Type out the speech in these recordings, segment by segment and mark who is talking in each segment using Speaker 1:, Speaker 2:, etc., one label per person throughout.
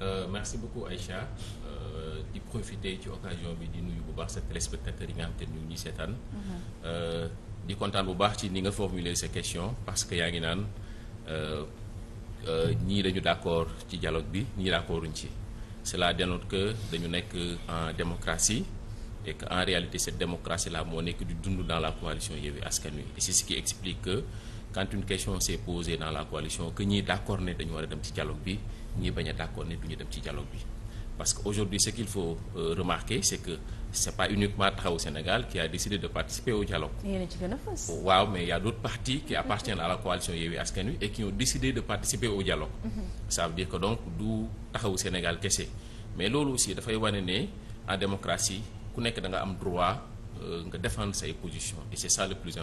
Speaker 1: Euh, merci beaucoup Aïcha euh, di profiter ci occasion bi di nuyu bu baax sa téléspectateurs yi nga xam te ñu ñuy seetaan. Mhm. Euh, di kontaan bu baax ci ni nga formuler sa question parce que yaa ngi naan euh, ñii dañu d'accord ci dialogue bi ñii d'accorduñ ci la dénote que dañu nekk en démocratie et que en réalité cette démocratie là moo nekk di dund dans la coalition Yewwi Askan Wi et c'est ce qui explique que. quand une question s'est posée dans la coalition que ñii d'accord ne dañu war a dem ci dialogue bi ñii bañ a d'accord ne duñu dem ci dialogue bi parce que aujourd'hui ce qu'il faut euh, remarquer c'est que c'est pas uniquement Taxawu Sénégal qui a décidé de participer au dialogue waaw mais il y a d'autres partis qui appartiennent à la coalition Yewwi Askan Wi et qui ont de participer au dialogue mm -hmm. dire que donc du Taxawu Sénégal kese mais loolu aussi dafay wane ne en démocratie ku nekk da nga am droit euh, nga défendre say position et c'est ça le plus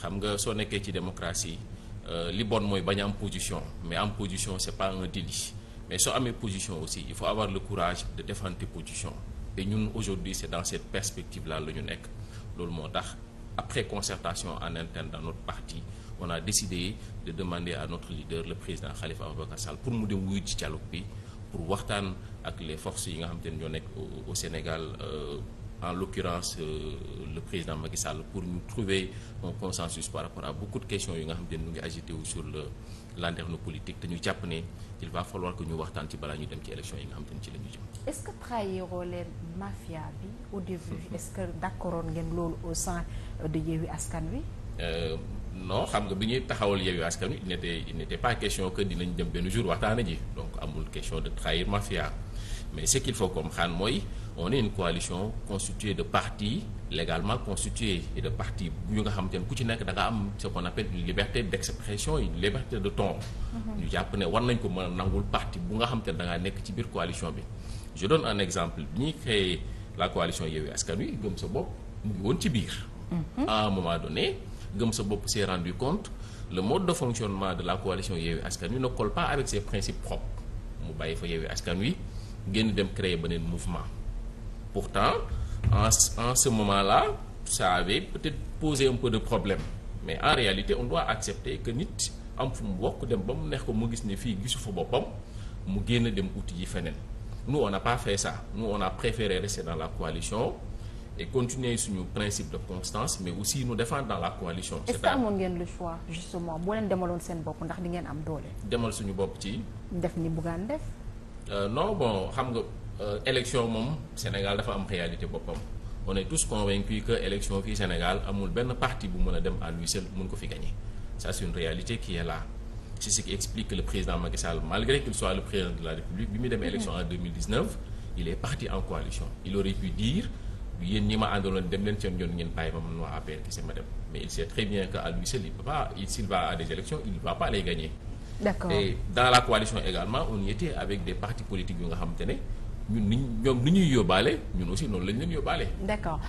Speaker 1: xam nga soo nekkee ci démocratie euh, li bon mooy bañ am position mais am position c'est pas un délit mais soo amee position aussi il faut avoir le courage de défendre tes positions et ñun aujourd'hui c'est dans cette perspective là la ñu nekk loolu moo tax après concertation en interne dans notre parti on a décidé de demander à notre leader le président Khalifa Ababacar Sall pour mu dem wuyu ci dialogue bi pour waxtaan ak les forces yi nga xam te ne ñoo nekk au Sénégal. Euh, en l'occurrence euh, le président Macky Sall pour ñu trouver un consensus par rapport à beaucoup de questions yu nga xam te ne mu ngi agité wu sur le landerneau politique te ñu jàpp ne il va falloir que ñu waxtaan ci balaa ñu dem ci élection yi nga xam te ne ci la jëm. est-ce que trahiroo leen mafia bi au début. Mm-hmm. est-ce que d'accordoon ngeen loolu au sein de Yewwi Askan Wi. Euh, non xam nga bi ñuy taxawal Yewwi Askan Wi il n'était il n'était pas question que dinañ dem benn jour waxtaana ji donc amul question de mafia. mais ce qu'il faut comprendre mooy on est une coalition constituée de partis légalement constitués de partis yu nga xamante ne ku ci nekk da am ce qu'on appelle une liberté d'expression et liberté de ton ñu jàpp ne war nañ ko mën a nangul parti bu nga xamante ne da nekk ci biir coalition bi je donne un exemple bi ñuy créé la coalition Yewwi Askan Wi gëm sa bopp mu ngi woon ci biir mhm. à un moment donné gëm sa bopp s'est rendu compte le mode de fonctionnement de la coalition Yewwi Askan Wi ne colle pas avec ses principes mu bàyyi fa Yewwi Askan Wi génn dem créer beneen mouvement pourtant en en ce moment là ça avait peut-être posé un peu de problème mais en réalité on doit accepter que nit am fu mu bokk dem ba mu neex ko mu gis ni fii gisu fa boppam mu génn dem outil yi feneen nous on a pas fait ça nous on a préféré rester dans la coalition et continuer suñu principe de constance mais aussi nous défendre dans la coalition. est-ce que amoon ngeen le choix justement boo leen demaloon seen bopp ndax di ngeen am doole. demal suñu bopp ci. Euh, non bon xam nga euh, élection moom Sénégal dafa am réalité boppam on est tous convaincus que élection fii Sénégal amul benn parti bu mën a dem à lui mun ko fi gagner ça c'est une réalité qui est là c'est explique le président Macky Sall malgré qu'il soit le président de la République bi mu demee élection en 2019 il est parti en coalition il aurait pu dire yéen ñi ma àndaloon dem leen seen yoon ngeen bàyyi ma man waa APR ki ma dem mais il sait très bien que d'accord et la coalition également on y était avec des partis politiques yu nga xamante ne ñun niñ ñoom ni ñuy yóbbaale ñun aussi noonu lañu leen yóbbaale. d'accord.